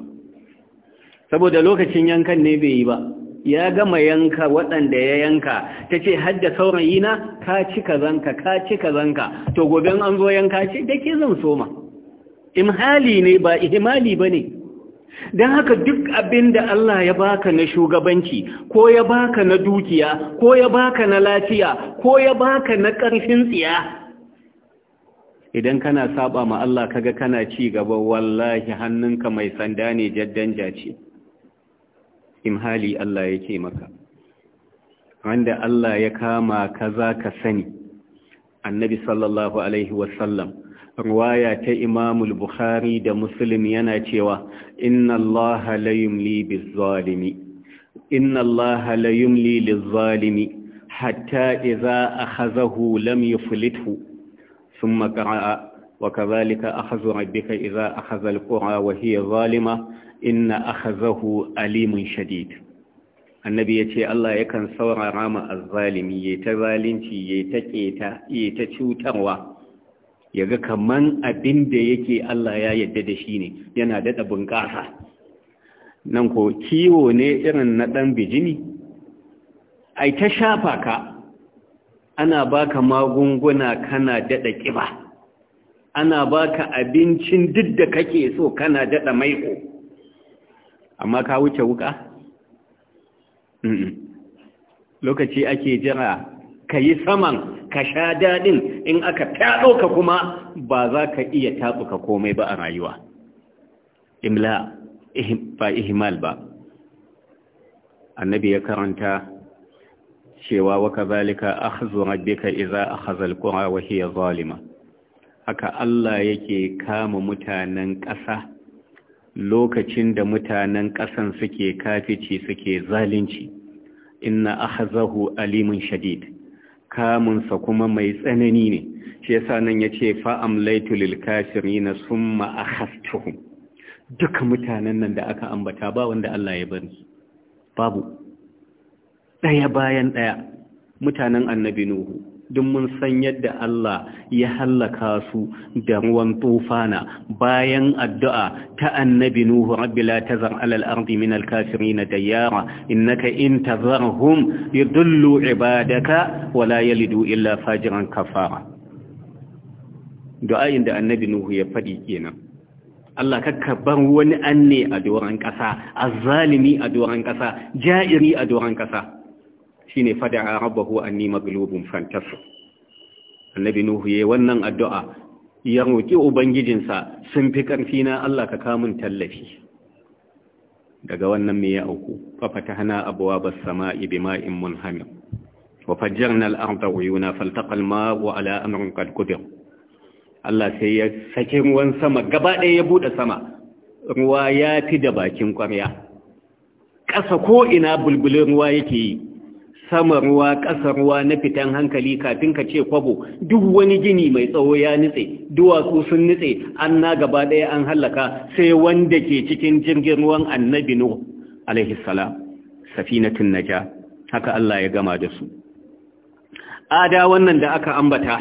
saboda lokacin yankan ne bai yi ba ya gama yanka waɗanda ya yanka ta ce hadda saurayi na ka ci kazanka ka ci kazanka to gobe an zo yanka ce da ke zan soma imhali ne ba ihimali ba ne don haka duk abin da Allah ya baka na shugabanci ko ya baka na dukiya ko ya baka na lafiya ko ya baka na ƙarfin tsiya idan kana saba ma Allah kaga kana ci gaba wallahi hannunka mai sanda ne jaddan jace imhali Allah yake maka wanda Allah ya kama ka za ka sani annabi sallallahu alaihi wasallam ruwaya ta imamul bukhari da muslim yana cewa inna Allah la yumli zalimi, inna Allah la yumli zalimi, hatta idza akhazahu lam yuflithu thumma qara'a wa kadhalika akhadhu rabbika idza akhadha alqura wa hiya zalima inna akhazahu alimun shadid annabi yace Allah yakan saurara ma azzalimi yayi ta zalunci yayi ta keta yayi ta cutarwa yaga kaman abin da yake Allah ya yadda da shi ne yana dada bunƙasa nan ko kiwo ne irin na dan bijini ai ta shafa ka ana baka magunguna kana dada kiba ana baka abincin duk da kake so kana dada maiƙo amma ka wuce wuka lokaci ake jira ka yi saman ka sha daɗin in aka taɗo ka kuma ba za ka iya taɓuka komai ba a rayuwa imla ba ihimal ba annabi ya karanta cewa wa kazalika akhzu rabbika idza akhadha alqura wa hiya zalima haka Allah yake kama mutanen ƙasa lokacin da mutanen ƙasan suke kafici suke zalunci inna ahzahu alimun shadid kamunsa kuma mai tsanani ne shi yasa nan yace fa amlaytu lil kafirin summa akhastuhum duka mutanen nan da aka ambata ba wanda Allah ya bari babu daya bayan daya mutanen annabi nuhu duk mun san yadda Allah ya hallaka su da ruwan tufana bayan addu'a ta annabi Nuhu rabbi la tazar alal ardi min alkafirin dayara innaka in tazarhum yudullu ibadaka wala yalidu illa fajiran kafara du'ayin da annabi Nuhu ya faɗi kenan Allah kakka bar wani anne a doron ƙasa azzalimi a doron ƙasa ja'iri a doron ƙasa shine fada'a rabbahu anni maglubun fantasir annabi nuhu yi wannan addu'a ya roki ubangijinsa sun fi karfi na Allah ka kamun tallafi daga wannan me ya auku fa fatahna abwaabas samaa'i bima'in munhamir wa fajjarna al-ardha uyuna faltaqa al-ma'u ala amrin qad Allah sai ya sake ruwan sama gaba ɗaya ya buɗe sama ruwa ya fi da bakin ƙwarya ƙasa ko ina bulbulin ruwa yake yi sama ruwa ƙasa ruwa na fitan hankali kafin ka ce kwabo duk wani gini mai tsawo ya nitse duwatsu sun nitse an na gaba ɗaya an hallaka sai wanda ke cikin jirgin ruwan annabi nuh alaihi salam safinatun naja haka Allah ya gama da su ada wannan da aka ambata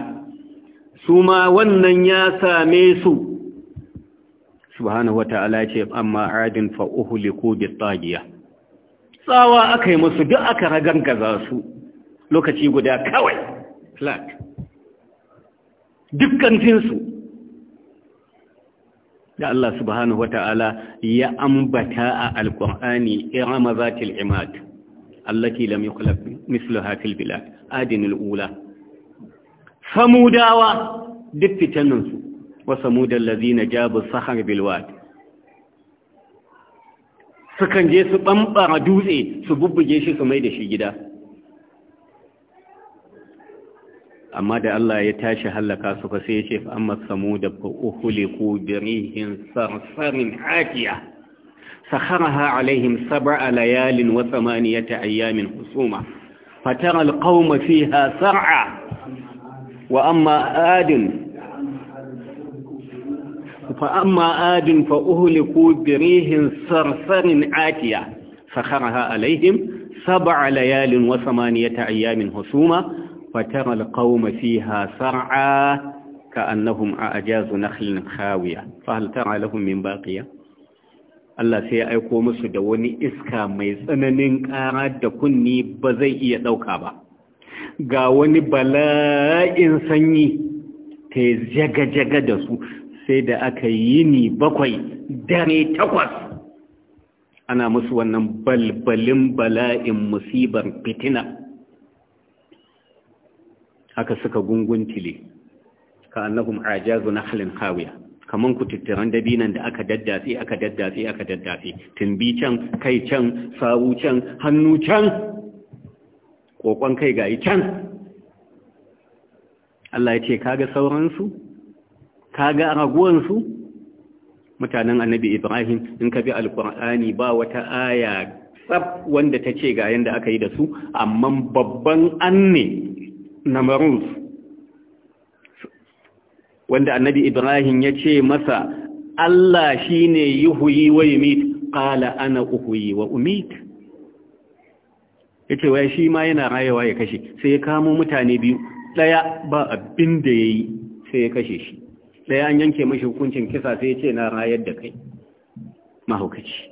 su ma wannan ya same su subhanahu wata'ala ce amma adin fa uhliku bi tagiyah tsawa aka yi musu duk aka ragangaza su lokaci guda kawai flat dukkancinsu da Allah subhanahu wa ta'ala ya ambata a alƙur'ani irama zatil imad allati lam yukhlaq misluha fil bilad adin al-ula samudawa duk fitanansu wa samudal ladina jabu sahar bilwad sukan je su ɓamɓara dutse su bubbuge shi su mai da shi gida amma da Allah ya tashi hallaka su fa sai ya ce amma samu da fa uhliku bi sarsarin atiya sakharaha alaihim sab'a layalin wa thamaniyata ayamin husuma Fatar alqauma mafi sar'a wa amma adin فأما آد فأهلكوا بريح صرصر عاتية سخرها عليهم سبع ليال وثمانية أيام هسوما فترى القوم فيها سرعا كأنهم أعجاز نخل خاوية فهل ترى لهم من باقية Allah sai ya aiko musu da wani iska mai tsananin ƙara da kunni ba zai iya ɗauka ba ga wani bala'in sanyi ta jaga-jaga da su sai da aka yi ni bakwai dare takwas ana musu wannan balbalin bala'in musibar fitina haka suka gunguntile ka annahum ajazu nahlin hawiya kaman kututturan dabinan da aka daddatse aka daddatse aka daddatse tumbi can kai can sawu can hannu can kokon kai gayi can Allah ya ce kaga sauransu kaga ga su mutanen annabi Ibrahim in ka bi alkur'ani ba wata aya tsab wanda ta ce ga yanda aka yi da su amma babban anne maruf wanda annabi Ibrahim ya ce masa Allah shi ne shine huyi wa mit ƙala ana uhuyi wa umit ce waya shi ma yana rayewa ya kashe sai ya kamo mutane biyu Ɗaya ba abin da yi sai ya kashe shi ɗaya an yanke mashi hukuncin kisa sai ya ce na rayar da kai mahaukaci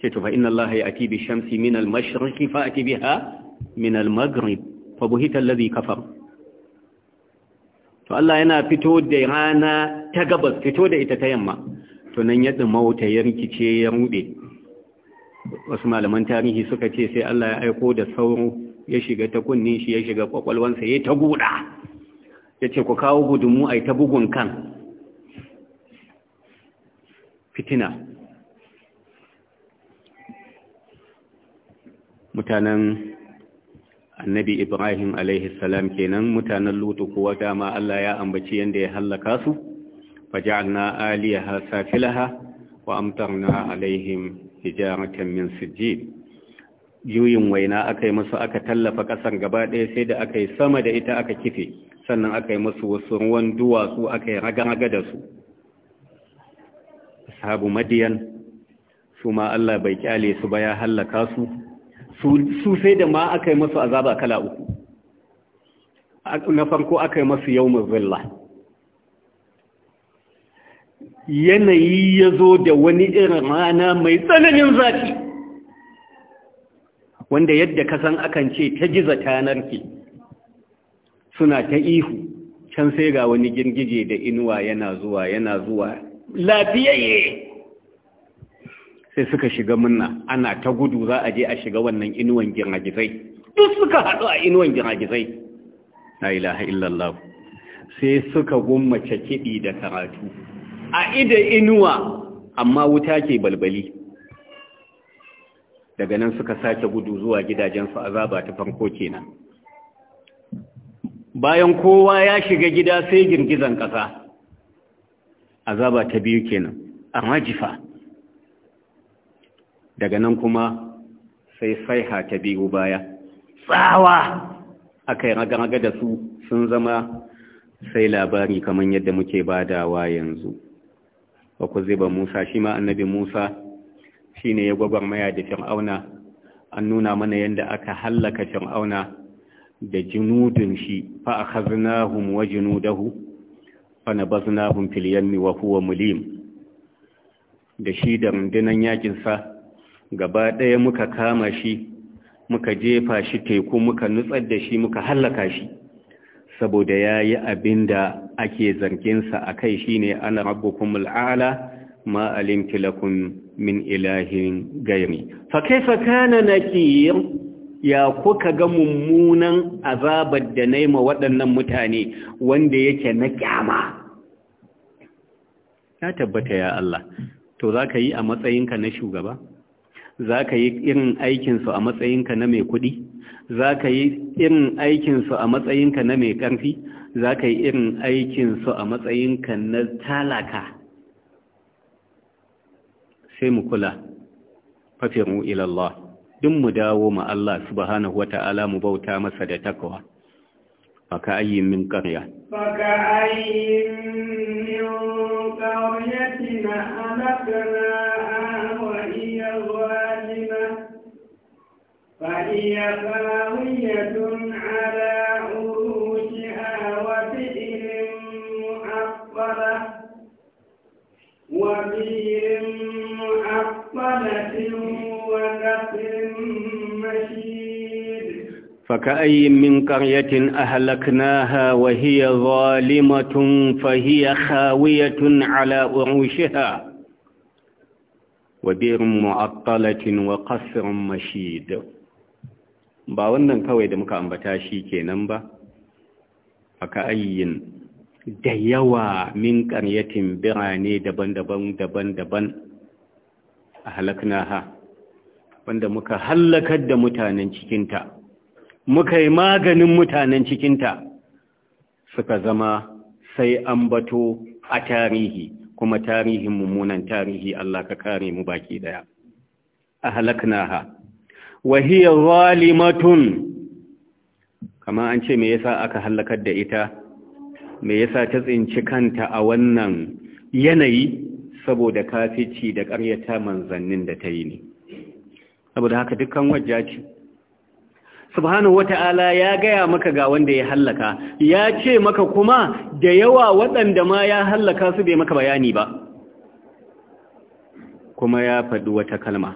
ce tufa inna Allah ya ati bi shamsi min al fa ati ha min al-maghrib fa buhi alladhi kafar to Allah yana fito da rana ta gabas fito da ita ta yamma to nan ya dumauta ya rikice ya rube wasu malaman tarihi suka ce sai Allah ya aiko da sauro ya shiga ta kunnin shi ya shiga kwakwalwansa ya ta guda ya ce ku kawo gudunmu a ta bugun kan fitina mutanen annabi ibrahim alaihi salam kenan mutanen lutu kuwa dama Allah ya ambaci yanda ya hallaka su faja'alna aliyaha safilaha wa amtarna alaihim hijaratan min sijjid juyin waina akai musu aka tallafa ƙasar gaba ɗaya sai da aka sama da ita aka kife sannan akai yi musu wasu ruwan duwatsu aka yi raga-raga da su ashabu madiyan su ma Allah bai kyale su ba ya hallaka su su sai da ma aka yi masu azaba kala uku na farko aka yi masu yawon zilla yanayi ya zo da wani irin rana mai tsananin zafi wanda yadda kasan akan ce ta ta tanarki suna ta ihu can sai ga wani girgije da inuwa yana zuwa yana zuwa lafiyayye sai suka shiga munna ana ta gudu za a je a shiga wannan inuwan gizai. duk suka haɗu a inuwan girgizai na ilaha illallah sai suka gummace kiɗi da karatu a ida inuwa amma wuta ke balbali daga nan suka sake gudu zuwa gidajensu azaba ta farko kenan bayan kowa ya shiga gida sai girgizan ƙasa azaba ta biyu kenan amma jifa daga nan kuma sai saiha ta biyu baya tsawa aka yi raga-raga da su sun zama sai labari kamar yadda muke badawa yanzu wa ku ba musa shi ma annabi musa shi ne ya maya da fir'auna an nuna mana yadda aka hallaka fir'auna da junudun shi fa a hum wa junudahu fanabaznahum fil yammi wa huwa mulim da shi da rundunan yakin sa gaba ɗaya muka kama shi muka jefa shi teku muka nutsar da shi muka hallaka shi saboda yayi abinda ake zargin sa akai shine ana rabbukumul a'la ma alimtu lakum min ilahin gairi fa kaifa kana nakir ya kuka ga mummunan azabar da na ma waɗannan mutane wanda yake na kyama ya tabbata ya Allah to za ka yi a matsayinka na shugaba za ka yi irin aikinsu a matsayinka na mai kuɗi za ka yi irin aikinsu a matsayinka na mai ƙarfi za ka yi irin aikinsu a matsayinka na talaka sai mu kula fafiru ilallah duk mu dawo ma Allah subhanahu wata'ala mu bauta masa da takawa faka ayi min qarya faka ayi min qaryatina wa hiya zalima fa hiya ala فكأي من قرية أهلكناها وهي ظالمة فهي خاوية على أروشها وبير معطلة وقصر مشيد ba wannan kawai da muka ambata shi kenan ba aka ayyin da yawa min ƙaryatin birane daban-daban daban-daban a wanda muka halakar da mutanen cikinta muka yi maganin mutanen cikinta suka zama sai an bato a tarihi kuma tarihin mummunan tarihi Allah ka kare mu baki daya a halakna ha wa hiya zalimatun kama an ce me yasa aka halakar da ita me yasa ta tsinci kanta a wannan yanayi saboda kafici da ƙaryata manzannin da ta yi ne saboda haka dukkan wajja ce subhanahu wata'ala ya gaya maka ga wanda ya hallaka ya ce maka kuma da yawa waɗanda ma ya hallaka su bai maka bayani ba kuma ya faɗi wata kalma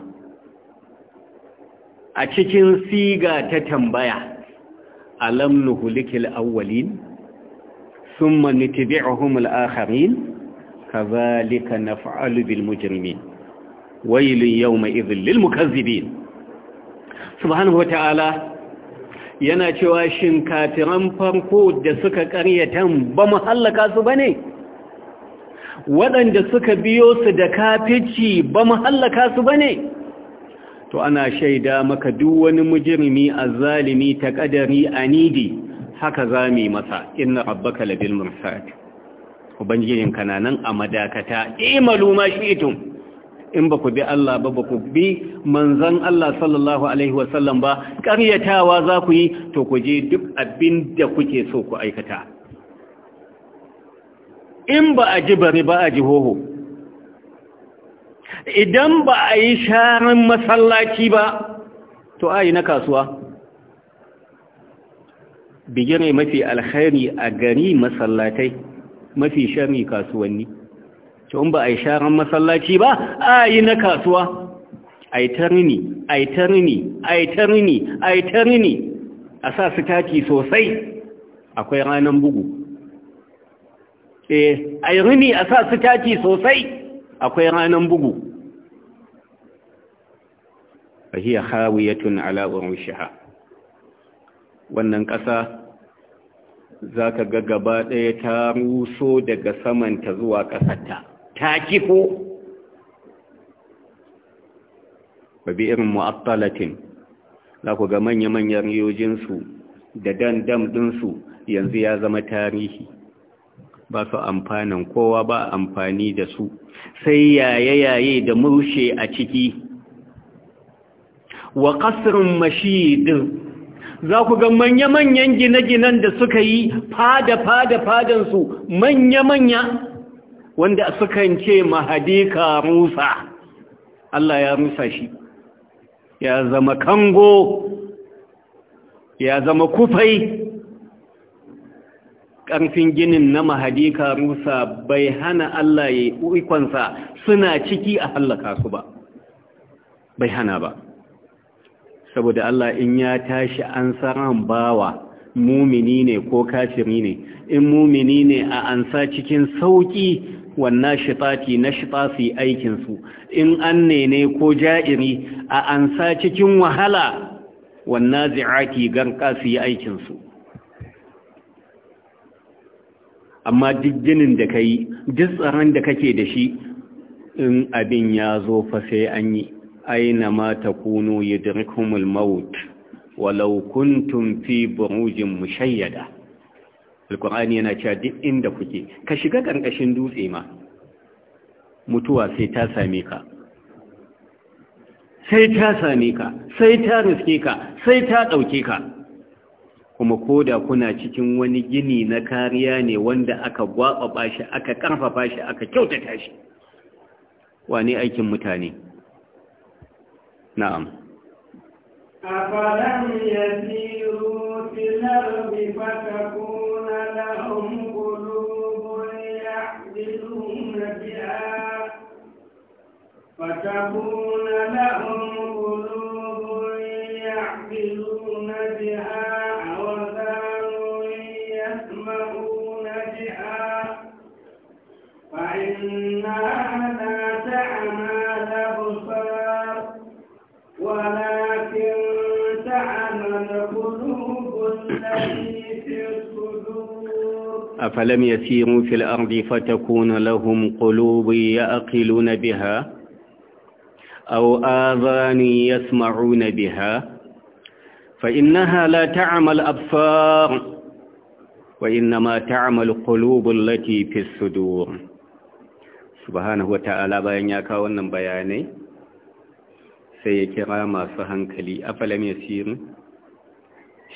a cikin siga ta tambaya alam nuhulikil awwalin thumma nutbi'uhum al-akharin kadhalika naf'alu bil mujrimin waylun yawma idhil lil mukazzibin subhanahu ta'ala. yana cewa shin farko da suka karyatan ba mu hallaka su ne? waɗanda suka biyo su da kafici ba mu hallaka su bane to ana shaida maka duk wani ta ƙadari a anidi haka yi masa inna rabbaka labil mursad ubangijin kananan a madakata imalu ma shi'tum in ba ku bi Allah ba ba ku bi manzan Allah sallallahu Alaihi wasallam ba ƙaryatawa za ku yi to ku je duk abin da kuke so ku aikata in ba a ji bari ba a ji hoho idan ba a yi sharan masallaci ba to a na kasuwa bigire mafi alkhairi a gari masallatai mafi shari kasuwanni to in ba a yi sharan masallaci ba a yi na kasuwa a yi tarini a yi tarini a yi tarini a yi tarini a sa su taki sosai akwai ranar bugu eh a yi rini a sa su taki sosai akwai ranar bugu ya hawiyatun ala'urin shaha. wannan ƙasa za ka ga gaba ɗaya ta ruso daga samanta zuwa ƙasarta ta kifo ba bi irin mu'attalatin za ku ga manya-manyan riyojinsu da dandam ɗinsu yanzu ya zama tarihi ba su amfanin kowa ba amfani da su sai yaye-yaye da murshe a ciki wa ƙasirin mashidin za ku ga manya-manyan gine-ginen da suka yi fada-fada fadansu manya-manya wanda sukan ce mahadi ka rusa Allah ya rusa shi ya zama kango ya zama kufai ƙarfin ginin na mahadi ka rusa bai hana Allah ya ikonsa suna ciki a hallaka su ba bai hana ba saboda Allah in ya tashi an saran bawa mumini ne ko kafiri ne in mumini ne a ansa cikin sauƙi. wannan shitati na shita su aikinsu in an nene ko ja'iri a ansa cikin wahala wannan zi'ati garka su yi aikinsu amma duk jinin da ka yi duk tsaron da kake da shi in abin ya zo fa sai an yi aina ma ta kuno yadrikumul maut walau kuntum fi burujin mushayyada alkur'ani yana cewa duk inda kuke ka shiga ƙarƙashin dutse ma mutuwa sai ta same ka sai ta same ka sai ta riske ka sai ta ɗauke ka kuma koda kuna cikin wani gini na kariya ne wanda aka gwaɓaɓa shi aka ƙarfafa shi aka kyautata shi wane aikin mutane na'am أفلم يسيروا في الأرض فتكون لهم قلوب يحملون بها فتكون لهم قلوب يحملون بها أفلم يسيروا في الأرض فتكون لهم قلوب يأقلون بها أو آذان يسمعون بها فإنها لا تعمل أبصار وإنما تعمل القلوب التي في الصدور سبحانه وتعالى بيانيك ونبياني كاونن بياني أفلم يسيروا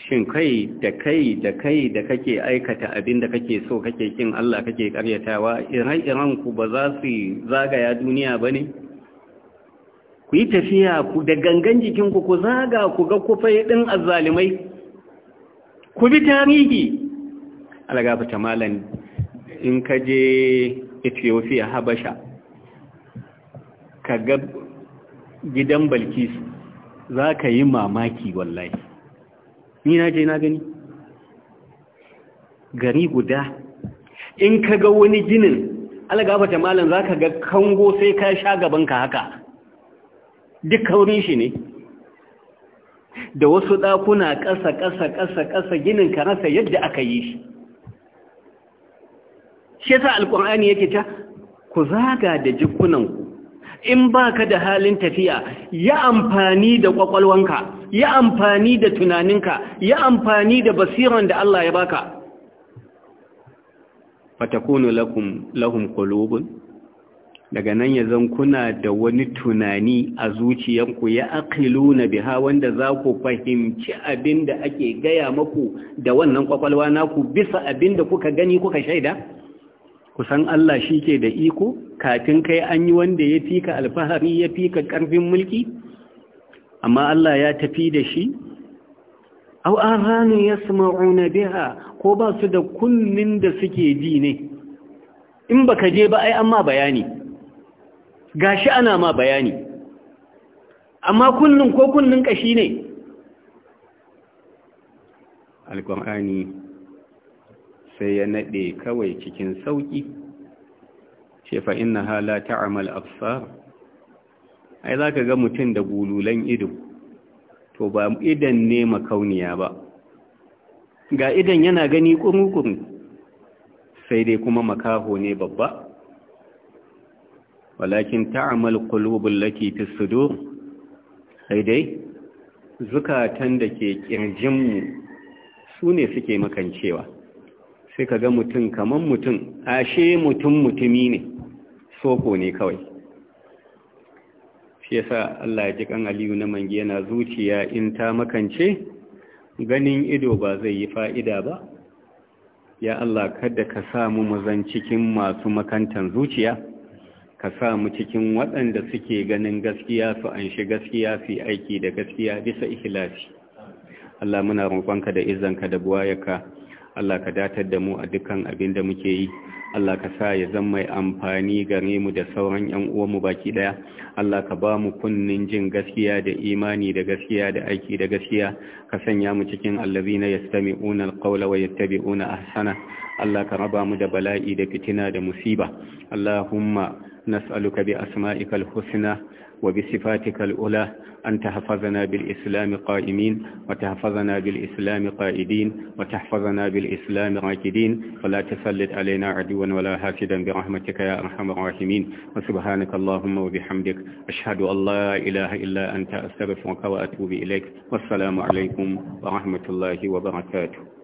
shin kai da kai da kai da kake aikata abin da kake so kake kin Allah kake karyatawa iran-iran ku ba za su zagaya duniya ba ne ku yi tafiya ku da gangan jikinku ku zaga ku ga kufai ɗin azzalimai ku bi tarihi alagafata malan in ka je ethiopia habasha ka ga gidan balkis za ka yi mamaki wallahi ni na je na gani gari guda in ka ga wani ginin algafata malam za ka ga kango sai ka sha gabanka haka duk kaurin shi ne da wasu ɗakuna ƙasa ƙasa ƙasa ƙasa ginin ka rasa yadda aka yi shi shi yasa alƙur'ani yake ta ku zaga da jikunanku in ba ka da halin tafiya ya amfani da kwakwalwanka ya amfani da tunaninka ya amfani da basiran da Allah ya baka fatakunu lakum lahum qulubun daga nan ya zan kuna da wani tunani a zuciyanku ya aqiluna biha wanda za ku fahimci abinda ake gaya maku da wannan kwakwalwa naku bisa abinda kuka gani kuka shaida kusan Allah shi ke da iko kafin kai an yi wanda ya fika alfahari ya fika ƙarfin mulki amma Allah ya tafi da shi au an ranu ya sama'una biha ko ba su da kunnin da suke ji ne in ba ka je ba ai an ma bayani gashi ana ma bayani amma kunnin ko kunnin kashi ne alƙur'ani sai ya naɗe kawai cikin sauƙi. ce fa inna hala ta'mal afsar? ai zaka ga mutum da gululan ido to ba idan ne makauniya ba ga idan yana gani kurukuru sai dai kuma makaho ne babba walakin ta'mal qulubul lati fis sudur sai dai zukatan da ke ƙirjinmu su ne suke makancewa sai ka ga mutum kamar mutum ashe mutum mutumi ne soko ne kawai shi yasa Allah ya ji kan Aliyu na mangi yana zuciya in ta makance ganin ido ba zai yi fa'ida ba ya Allah kada ka mu mazan cikin masu makantan zuciya ka mu cikin waɗanda suke ganin gaskiya su an shi gaskiya su aiki da gaskiya bisa ikhlasi Allah muna roƙonka da izanka da buwayarka Allah ka datar da mu a dukkan abin da muke yi Allah ka sa ya zama mai amfani gare mu da sauran 'yan uwanmu baki daya Allah ka ba mu kunnin jin gaskiya da imani da gaskiya da aiki da gaskiya ka sanya mu cikin allazina yastami'una alqawla wa yattabi'una ahsana Allah ka raba mu da bala'i da fitina da musiba Allahumma nas'aluka bi asma'ikal husna وبصفاتك الأولى أن تحفظنا بالإسلام قائمين وتحفظنا بالإسلام قائدين وتحفظنا بالإسلام راكدين فلا تسلط علينا عدوا ولا حاسدا برحمتك يا أرحم الراحمين وسبحانك اللهم وبحمدك أشهد أن لا إله إلا أنت أستغفرك وأتوب إليك والسلام عليكم ورحمة الله وبركاته